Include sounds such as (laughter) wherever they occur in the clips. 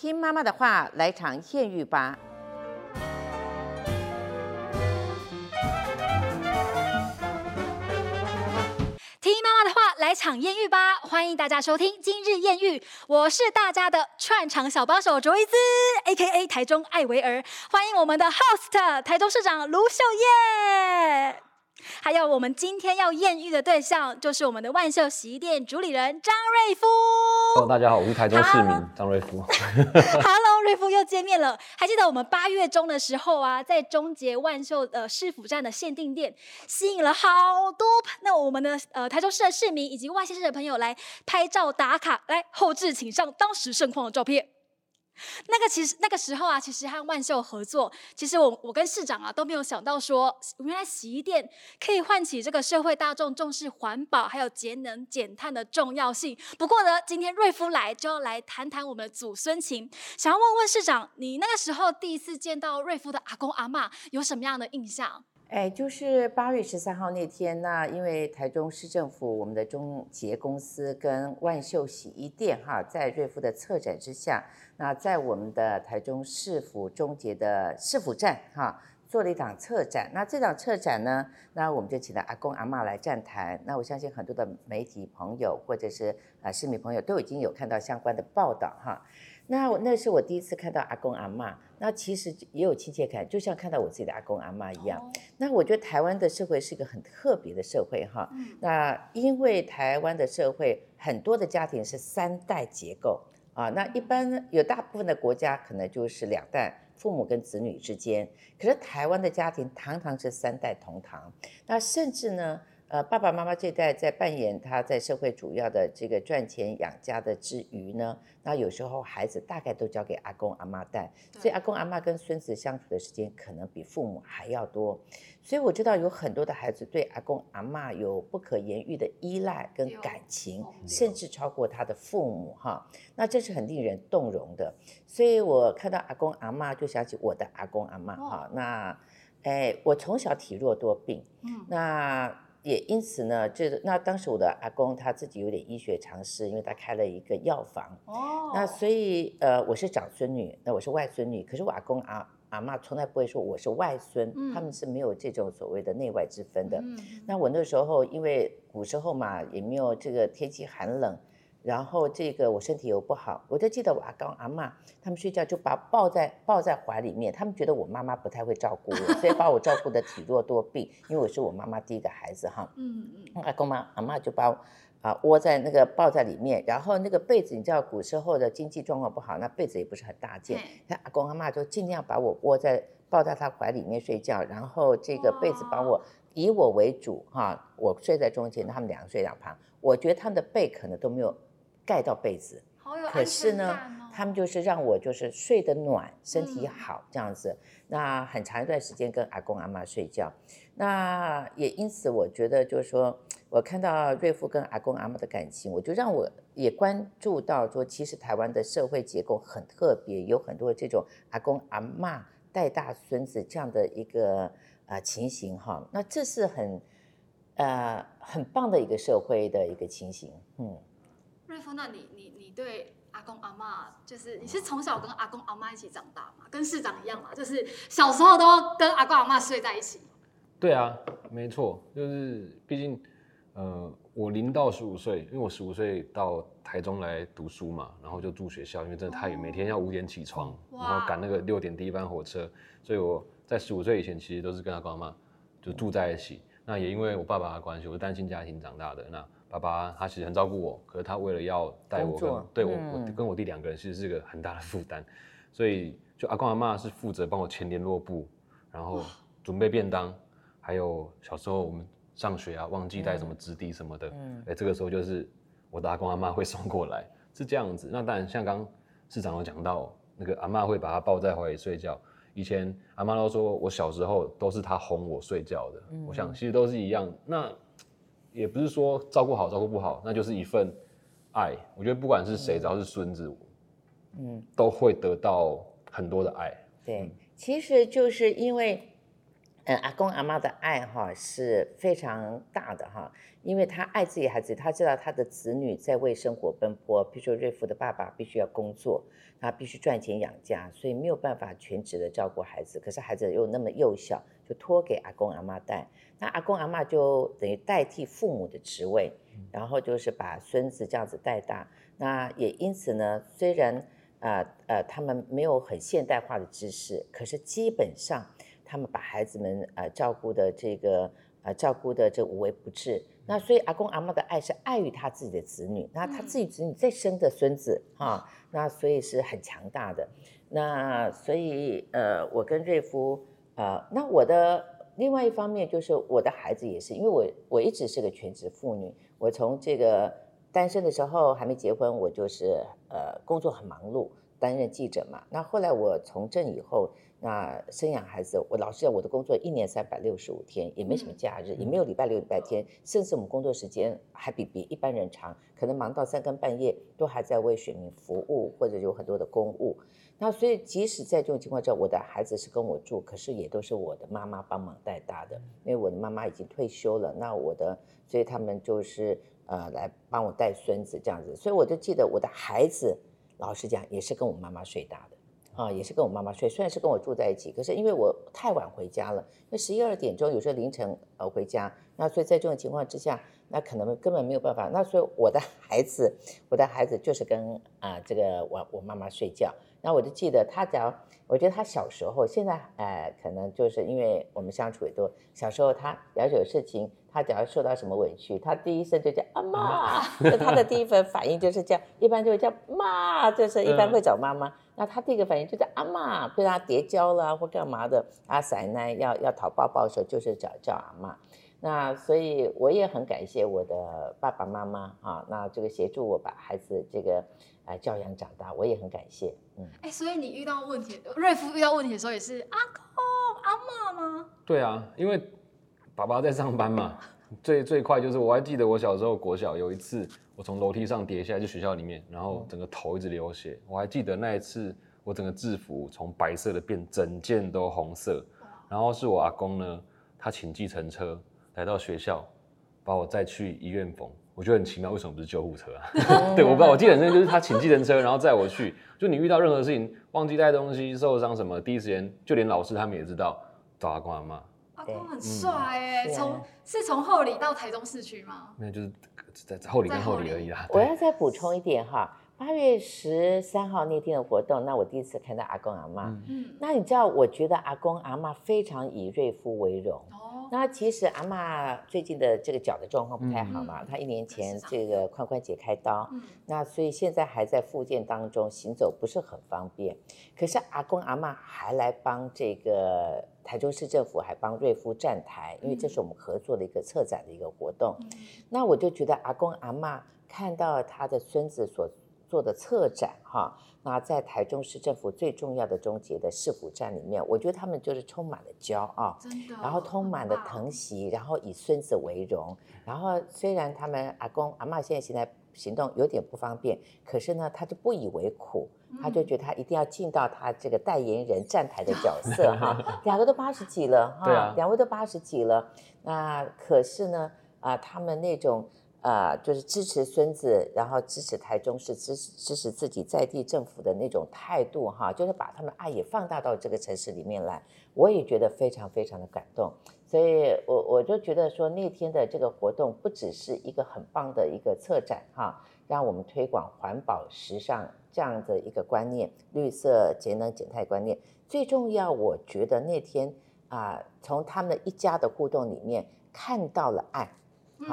聽媽媽的話，來場豔遇吧！聽媽媽的話，來場豔遇吧！歡迎大家收聽今日豔遇，我是大家的串場小幫手卓一茲，A.K.A. 台中艾維兒。歡迎我們的 host 台中市長盧秀燕。還有我們今天要艷遇的對象，就是我們的萬秀洗衣店主理人張瑞夫。哦，大家好，我是台中市民 (laughs) 張瑞夫。 (laughs) (laughs) Hello，瑞夫又見面了。還記得我們八月中的時候啊，在中捷萬秀呃市府站的限定店，吸引了好多那我們的呃台中市的市民以及外縣市的朋友來拍照打卡。來，後製請上當時盛況的照片。那個其實那個時候啊，其實和萬秀合作，其實我我跟市長啊都沒有想到說，原來洗衣店可以喚起這個社會大眾重視環保還有節能減碳的重要性。不過呢，今天瑞夫來就要來談談我們的祖孫情，想要問問市長，你那個時候第一次見到瑞夫的阿公阿嬤有什麼樣的印象？哎，就是八月十三號那天，那因為台中市政府、我們的中捷公司跟萬秀洗衣店哈，在瑞夫的策展之下，那在我們的台中市府中捷的市府站哈，做了一場策展。那這場策展呢，那我們就請了阿公阿嬤來站台。那我相信很多的媒體朋友或者是啊市民朋友都已經有看到相關的報道哈。那我那是我第一次看到阿公阿嬤，那其實也有親切感，就像看到我自己的阿公阿嬤一樣。那我覺得台灣的社會是一個很特別的社會哈，那因為台灣的社會很多的家庭是三代結構啊，那一般有大部分的國家可能就是兩代，父母跟子女之間，可是台灣的家庭常常是三代同堂，那甚至呢。呃，爸爸媽媽這代在扮演他在社會主要的這個賺錢養家的之餘呢，那有時候孩子大概都交給阿公阿嬤帶，對所以阿公阿嬤跟孫子相處的時間可能比父母還要多。所以我知道有很多的孩子對阿公阿嬤有不可言喻的依賴跟感情，哦哦、甚至超過他的父母哈。那這是很令人動容的。所以我看到阿公阿嬤，就想起我的阿公阿嬤哈。那，哎，我從小體弱多病，那。也因此呢，這那當時我的阿公他自己有點醫學常識，因為他開了一個藥房。哦，oh. 那所以呃，我是長孫女，那我是外孫女，可是我阿公、啊、阿阿嬤從來不會說我是外孫，mm. 他們是沒有這種所謂的內外之分的。Mm. 那我那時候因為古時候嘛也沒有這個天氣寒冷。然後這個我身體又不好，我就記得我阿公阿嬤，他們睡覺就把抱在抱在懷裡面，他們覺得我媽媽不太會照顧我，所以把我照顧得體弱多病。因為我是我媽媽第一個孩子哈，嗯嗯，阿公媽阿嬤就把我啊窩在那個抱在裡面，然後那個被子，你知道古時候的經濟狀況不好，那被子也不是很大件，他，嗯，阿公阿嬤就盡量把我窩在抱在他懷裡面睡覺，然後這個被子把我哇以我為主哈，啊，我睡在中間，他們兩個睡兩旁。我覺得他們的背可能都沒有。蓋到被子。哦、可是呢，他們就是讓我就是睡得暖，身體好這樣子。嗯、那很長一段時間跟阿公阿嬤睡覺，那也因此我覺得就是說，我看到瑞夫跟阿公阿嬤的感情，我就讓我也關注到說，其實台灣的社會結構很特別，有很多這種阿公阿嬤帶大孫子這樣的一個啊情形哈。那這是很呃很棒的一個社會的一個情形，嗯。瑞夫，那你你你對阿公阿媽，就是你是從小跟阿公阿媽一起長大嗎？跟市長一樣嗎？就是小時候都跟阿公阿媽睡在一起嗎？對啊，沒錯，就是畢竟，呃，我零到十五歲，因為我十五歲到台中來讀書嘛，然後就住學校，因為真的太遠，每天要五點起床，然後趕那個六點第一班火車，所以我在十五歲以前其實都是跟阿公阿媽就住在一起。那也因為我爸爸的關係，我是單親家庭長大的那。爸爸他其實很照顧我，可是他為了要帶我跟作對、嗯、我我跟我弟兩個人，其實是一個很大的負擔，所以就阿公阿媽是負責幫我簽聯絡簿，然後準備便當，嗯、還有小時候我們上學啊，忘記帶什麼紙筆什麼的，哎、嗯嗯欸，這個時候就是我的阿公阿媽會送過來，是這樣子。那當然像剛剛市長有講到，那個阿媽會把他抱在懷裡睡覺，以前阿媽都說我小時候都是他哄我睡覺的，嗯、我想其實都是一樣。那。也不是說照顧好，照顧不好，那就是一份愛。我覺得不管是誰，嗯，只要是孫子，嗯，都會得到很多的愛。對，嗯，其實就是因為。嗯，阿公阿媽的愛哈是非常大的哈，因為他愛自己孩子，他知道他的子女在為生活奔波。比如說瑞夫的爸爸必須要工作，他必須賺錢養家，所以沒有辦法全職的照顧孩子。可是孩子又那麼幼小，就托給阿公阿媽帶。那阿公阿媽就等於代替父母的職位，然後就是把孫子這樣子帶大。那也因此呢，雖然啊呃、呃，他們沒有很現代化的知識，可是基本上。他們把孩子們、呃、照顧的這個、呃、照顧的這無微不至，那所以阿公阿嬤的愛是愛於他自己的子女，那他自己子女再生的孫子哈、啊，那所以是很強大的。那所以呃我跟瑞夫呃，那我的另外一方面就是我的孩子也是，因為我我一直是個全職婦女，我從這個單身的時候還沒結婚，我就是呃工作很忙碌，擔任記者嘛。那後來我從政以後。那生養孩子，我老實講，我的工作一年三百六十五天，也沒什麼假日，也沒有禮拜六禮拜天，甚至我們工作時間還比比一般人長，可能忙到三更半夜都還在為選民服務，或者有很多的公務。那所以即使在這種情況之下，我的孩子是跟我住，可是也都是我的媽媽幫忙帶大的，因為我的媽媽已經退休了。那我的所以他們就是呃來幫我帶孫子這樣子，所以我就記得我的孩子老實講也是跟我媽媽睡大的。啊，也是跟我媽媽睡，雖然是跟我住在一起，可是因為我太晚回家了，因為十一二點鐘，有時候凌晨，呃回家，那所以在這種情況之下，那可能根本沒有辦法。那所以我的孩子，我的孩子就是跟啊、呃、這個我我媽媽睡覺，那我就記得他只要，我覺得他小時候，現在呃可能就是因為我們相處也多，小時候他要有事情，他只要受到什麼委屈，他第一聲就叫阿嬤，就 (laughs) 他的第一份反應就是叫，一般就會叫媽，就是一般會找媽媽。嗯那他第一個反應就是阿媽，被他跌跤了或幹嘛的，阿仔呢要要討抱抱的時候就是叫叫阿媽。那所以我也很感謝我的爸爸媽媽啊，那這個協助我把孩子這個、呃、教養長大，我也很感謝，嗯。哎、欸，所以你遇到問題，瑞夫遇到問題的時候也是阿公阿媽嗎？對啊，因為爸爸在上班嘛。 (laughs) 最最快就是，我還記得我小時候國小有一次，我從樓梯上跌下來，就學校裡面，然後整個頭一直流血。我還記得那一次，我整個制服從白色的變整件都紅色。然後是我阿公呢，他請計程車來到學校，把我載去醫院縫。我覺得很奇妙，為什麼不是救護車啊？ (laughs) (laughs) 對，我不知道。我記得人生就是他請計程車，然後載我去。就你遇到任何事情，忘記帶東西、受傷什麼，第一時間就連老師他們也知道，找阿公阿媽。對很帥哎、欸，嗯是啊，從是從后里到台中市區嗎？那就是在后里跟后里而已啦。我要再補充一點哈，八月十三號那天的活動，那我第一次看到阿公阿嬤。嗯，那你知道，我覺得阿公阿嬤非常以瑞夫為榮。哦。那其實阿嬤最近的這個腳的狀況不太好嘛，她，嗯、一年前這個髖關節開刀，嗯，那所以現在還在復健當中，行走不是很方便。可是阿公阿嬤還來幫這個。台中市政府還幫瑞夫站台，因為這是我們合作的一個策展的一個活動。嗯、那我就覺得阿公阿嬤看到他的孫子所做的策展哈，那在台中市政府最重要的中捷的市府站裡面，我覺得他們就是充滿了驕傲，真的，然後充滿了疼惜，棒然後以孫子為榮。然後雖然他們阿公阿嬤現在現在。行動有點不方便，可是呢，他就不以為苦，嗯、他就覺得他一定要盡到他這個代言人站台的角色哈、 (laughs) 啊。兩個都八十幾了哈，兩位都八十幾了，那、啊啊啊、可是呢啊，他們那種。呃，就是支持孫子，然後支持台中市，支持支持自己在地政府的那種態度哈，就是把他們愛也放大到這個城市裡面來，我也覺得非常非常的感動。所以我，我我就覺得說那天的這個活動不只是一個很棒的一個策展哈，讓我們推廣環保、時尚這樣的一個觀念，綠色節能減碳觀念。最重要，我覺得那天啊、呃，從他們一家的互動裡面看到了愛。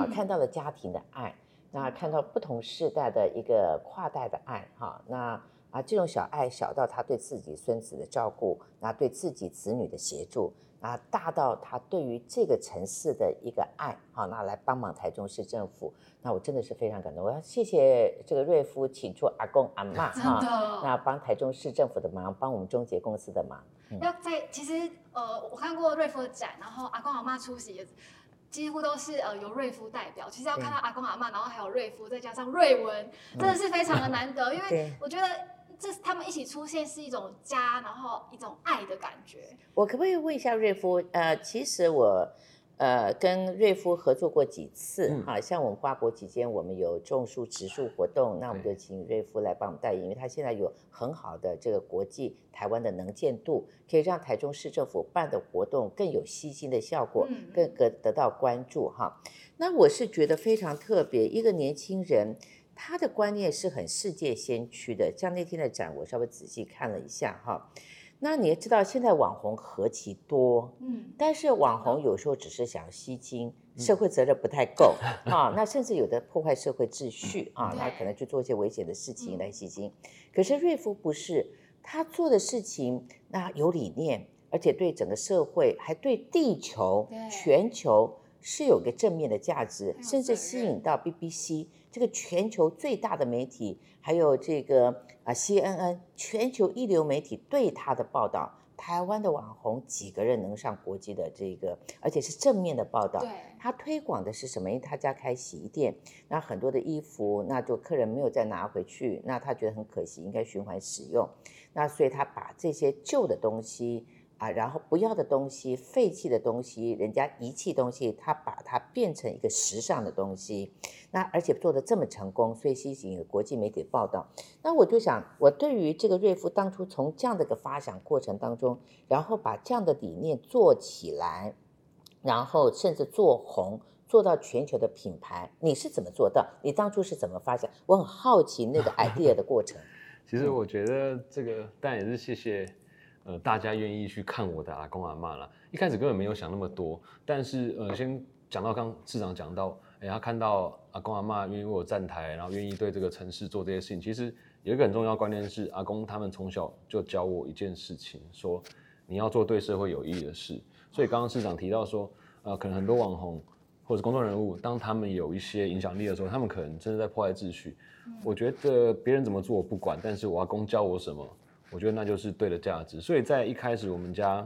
看到了家庭的愛，嗯、那看到不同世代的一個跨代的愛，哈，那啊，這種小愛，小到他對自己孫子的照顧，那對自己子女的協助，那大到他對於這個城市的一個愛，哈，那來幫忙台中市政府，那我真的是非常感動，我要謝謝這個瑞夫，請出阿公阿媽哈，的那幫台中市政府的忙，幫我們中捷公司的忙。那在，其實呃，我看過瑞夫的展，然後阿公阿媽出席。幾乎都是呃由瑞夫代表，其實要看到阿公阿嬤，然後還有瑞夫，再加上瑞文，對真的是非常的難得，嗯、因為我覺得這他們一起出現是一種家，然後一種愛的感覺。我可不可以問一下瑞夫？呃，其實我。呃，跟瑞夫合作過幾次啊，嗯、像我們花博期間，我們有種樹植樹活動，嗯、那我們就請瑞夫來幫我們代言，因為他現在有很好的這個國際台灣的能見度，可以讓台中市政府辦的活動更有吸睛的效果，更更得到關注哈。嗯、那我是覺得非常特別，一個年輕人，他的觀念是很世界先驅的，像那天的展，我稍微仔細看了一下哈。那你也知道，現在網紅何其多，嗯，但是網紅有時候只是想吸金，嗯、社會責任不太夠、嗯、啊。那甚至有的破壞社會秩序，嗯、啊，那可能去做一些危險的事情來吸金。嗯、可是瑞夫不是，他做的事情那有理念，而且對整個社會，還對地球，對全球是有個正面的價值，甚至吸引到 BBC。這個全球最大的媒體，還有這個啊 CNN，全球一流媒體對他的報道，台灣的網紅幾個人能上國際的這個，而且是正面的報道。對，他推廣的是什麼？因為他家開洗衣店，那很多的衣服，那就客人沒有再拿回去，那他覺得很可惜，應該循環使用，那所以他把這些舊的東西。啊，然後不要的東西、廢棄的東西、人家遺棄東西，他把它變成一個時尚的東西，那而且做的這麼成功，所以吸引國際媒體報道。那我就想，我對於這個瑞夫當初從這樣的一個發展過程當中，然後把這樣的理念做起來，然後甚至做紅，做到全球的品牌，你是怎麼做到？你當初是怎麼發想？我很好奇那個 idea 的過程。其實我覺得這個，但也是謝謝。呃，大家願意去看我的阿公阿嬤啦，一開始根本沒有想那麼多。但是，呃，先講到剛市長講到，然、欸、他看到阿公阿嬤願意為我站台，然後願意對這個城市做這些事情。其實有一個很重要關鍵是，阿公他們從小就教我一件事情，說你要做對社會有益的事。所以剛剛市長提到說，呃，可能很多網紅或者公眾人物，當他們有一些影響力的時候，他們可能真的在破壞秩序。我覺得別人怎麼做我不管，但是我阿公教我什麼。我覺得那就是對的價值，所以在一開始我們家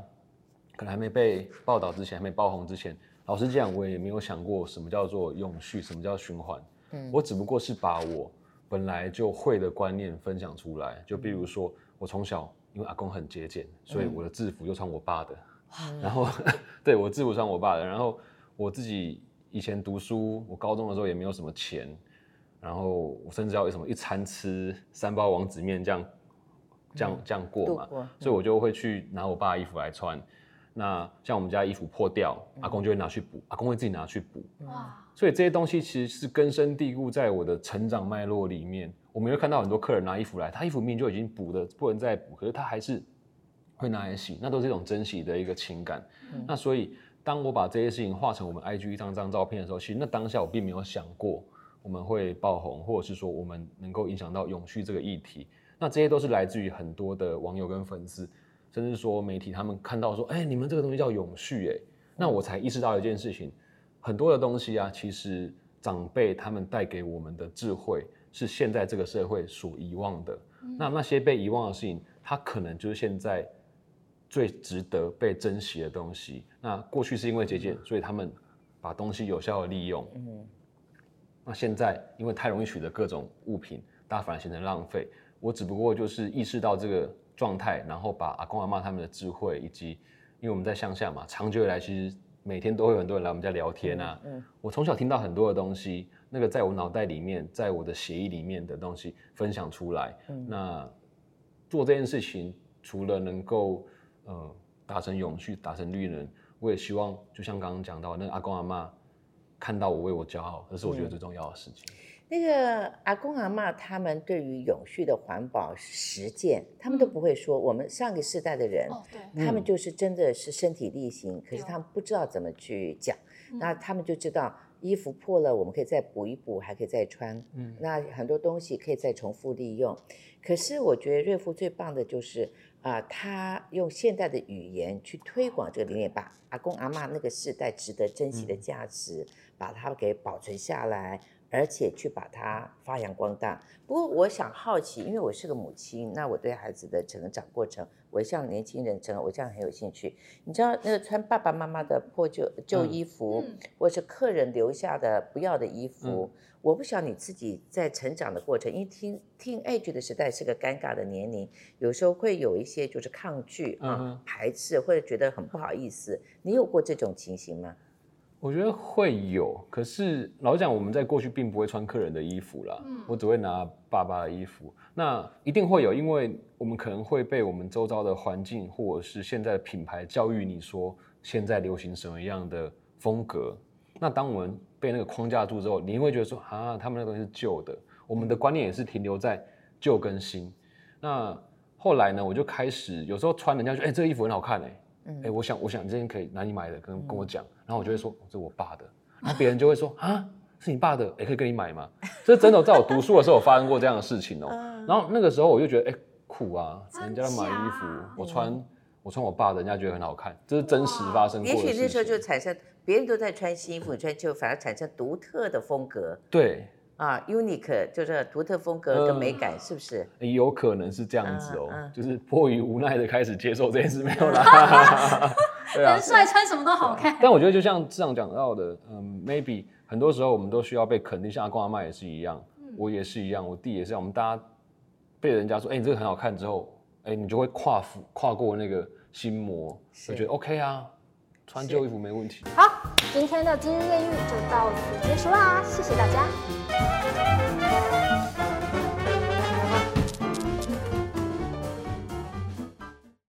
可能還沒被報道之前，還沒爆紅之前，老實講，我也沒有想過什麼叫做永續，什麼叫循環。嗯、我只不過是把我本來就會的觀念分享出來。就比如說我從，我從小因為阿公很節儉，所以我的制服就穿我爸的。嗯、然後，對，我制服穿我爸的，然後我自己以前讀書，我高中的時候也沒有什麼錢，然後我甚至要有什麼一餐吃三包王子麵這樣。嗯這樣這樣過嘛，嗯嗯、所以我就會去拿我爸的衣服來穿。那像我們家的衣服破掉，阿公就會拿去補，嗯、阿公會自己拿去補。哇、嗯！所以這些東西其實是根深蒂固在我的成長脈絡裡面。我們會看到很多客人拿衣服來，他衣服明明就已經補的，不能再補，可是他還是會拿來洗，那都是一種珍惜的一個情感。嗯、那所以，當我把這些事情畫成我們 IG 一張張照片的時候，其實那當下我並沒有想過我們會爆紅，或者是說我們能夠影響到永續這個議題。那這些都是來自於很多的網友跟粉絲，甚至說媒體，他們看到說，哎、欸，你們這個東西叫永續、欸，哎。那我才意識到一件事情，很多的東西啊，其實長輩他們帶給我們的智慧，是現在這個社會所遺忘的。那那些被遺忘的事情，它可能就是現在最值得被珍惜的東西。那過去是因為節儉，所以他們把東西有效的利用。那現在因為太容易取得各種物品，大家反而形成浪費。我只不過就是意識到這個狀態，然後把阿公阿媽他們的智慧，以及因為我們在鄉下嘛，長久以來其實每天都會有很多人來我們家聊天啊。嗯，嗯我從小聽到很多的東西，那個在我腦袋裡面，在我的血液裡面的東西分享出來。嗯，那做這件事情，除了能夠呃達成永續、達成綠能，我也希望就像剛剛講到，那個阿公阿媽看到我為我驕傲，這是我覺得最重要的事情。嗯那個阿公阿嬤他們對於永續的環保實踐，他們都不會說。我們上個世代的人，他們就是真的是身體力行，可是他們不知道怎麼去講。那他們就知道衣服破了，我們可以再補一補，還可以再穿。嗯，那很多東西可以再重複利用。可是我覺得瑞夫最棒的就是啊、呃，他用現代的語言去推廣這個理念，把阿公阿嬤那個世代值得珍惜的價值，把它給保存下來。而且去把它發揚光大。不過我想好奇，因為我是個母親，那我對孩子的成長過程，我像年輕人成，我這樣很有興趣。你知道，那個穿爸爸媽媽的破舊舊衣服，嗯、或是客人留下的不要的衣服，嗯、我不曉得你自己在成長的過程，嗯、因為聽聽 e n a g e 的時代是個尷尬的年齡，有時候會有一些就是抗拒啊、嗯、排斥，或者覺得很不好意思。你有過這種情形嗎？我覺得會有，可是老實講，我們在過去並不會穿客人的衣服啦。嗯、我只會拿爸爸的衣服。那一定會有，因為我們可能會被我們周遭的環境或者是現在的品牌教育你說，現在流行什麼樣的風格。那當我們被那個框架住之後，你會覺得說啊，他們那個東西是舊的。我們的觀念也是停留在舊跟新。那後來呢，我就開始有時候穿，人家說，哎、欸，這個衣服很好看哎、欸。哎、欸，我想，我想你今天可以拿你買的跟跟我講，嗯、然後我就會說這、嗯、是我爸的，然後別人就會說啊，是你爸的，也、欸、可以跟你買嗎？ (laughs) 這是真的，在我讀書的時候發生過這樣的事情哦、喔。嗯、然後那個時候我就覺得哎、欸、苦啊，人家要買衣服，我穿我穿我爸的，人家覺得很好看，這是真實發生過的。也許那時候就產生，別人都在穿新衣服，你穿舊反而產生獨特的風格。對。啊、uh,，unique 就是獨特風格跟美感，um, 是不是、欸？有可能是這樣子哦、喔，uh, uh. 就是迫於無奈的開始接受這件事，沒有啦、啊。男帥穿什麼都好看。但我覺得就像這樣講到的，嗯、um,，maybe 很多時候我們都需要被肯定，像阿公阿嬤也是一樣，嗯、我也是一樣，我弟也是一樣，我們大家被人家說，哎、欸，你這個很好看之後，哎、欸，你就會跨過跨過那個心魔，我覺得 OK 啊。穿舊衣服沒問題。是好，今天的今日艷遇就到此結束啦，啊，謝謝大家。